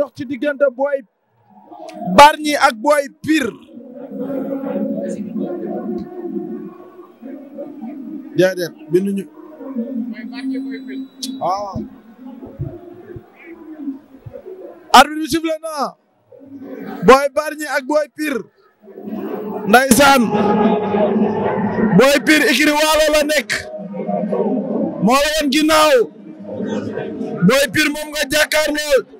dox ci diggante booy Bargny ak booy Pire. déedéet bindu ñu. waaw. arbitre bi sifflé na booy Bargny ak booy Pire. Ndeysaan booy Pire ikiri waalo la nekk moo la woon ginnaaw booy Pire moom nga jàkkaar lool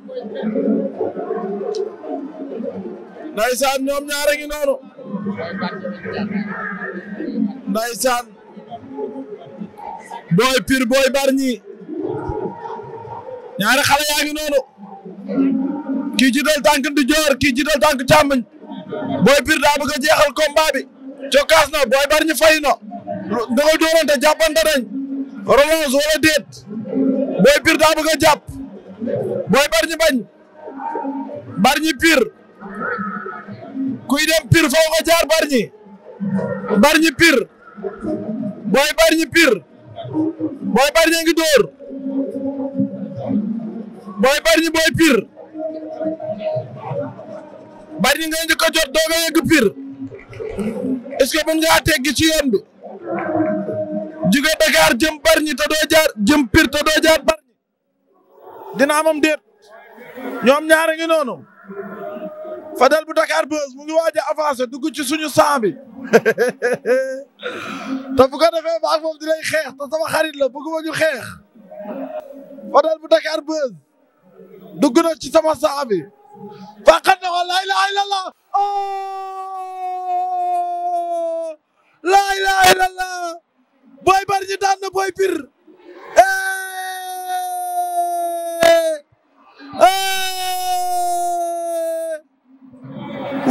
Ndaysaan ñoom ñaar a ngi noonu. Ndaysaan. Boy Pire Boy Bargny. ñaari xale yaa ngi noonu. kii jiital tànk di joor kii jiital tànk càmmoñ. Boy daa bëgg jeexal combat bi. cokkaas na Boy Bargny fay na. da nga joorante wala déet. Boy Pire daa bëgg a jàpp. Boy bañ. Bargny Pire kuy dem Pire faw nga jaar Bargny Bargny Pire booy Bargny Pire booy Bargny ngi dóor booy Bargny booy Pire Bargny nga njëkk a jot doo nga yegg Pire est-ce que mën ngaa teggi ci yoon te doo jaar jëm te doo jaar dina amam déet ñoom ñaar ngi noonu Fadel bu Dakar Buzz mu ngi waaj a avancé dugg ci suñu sang bi te bu ko defee ba ak di lay xeex te sama xarit la bëgguma ñu xeex Fadel bu Dakar Buzz dugg na ci sama sang faqat na ko laa ilaha illallah oh! laa ilaha illallah daan na booy pir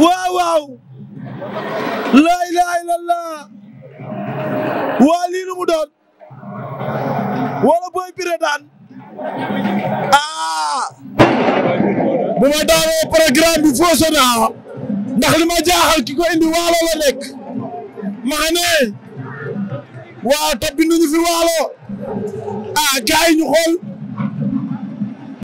waaw waaw laa ilaaha illallah waa lii doon wala booy bire daan ah bu ma daanoo programme bi faussé naa ndax li ma jaaxal ki ko indi waalo la nekk maa waaw tabbi nañu fi waalo ah gaay ñu xool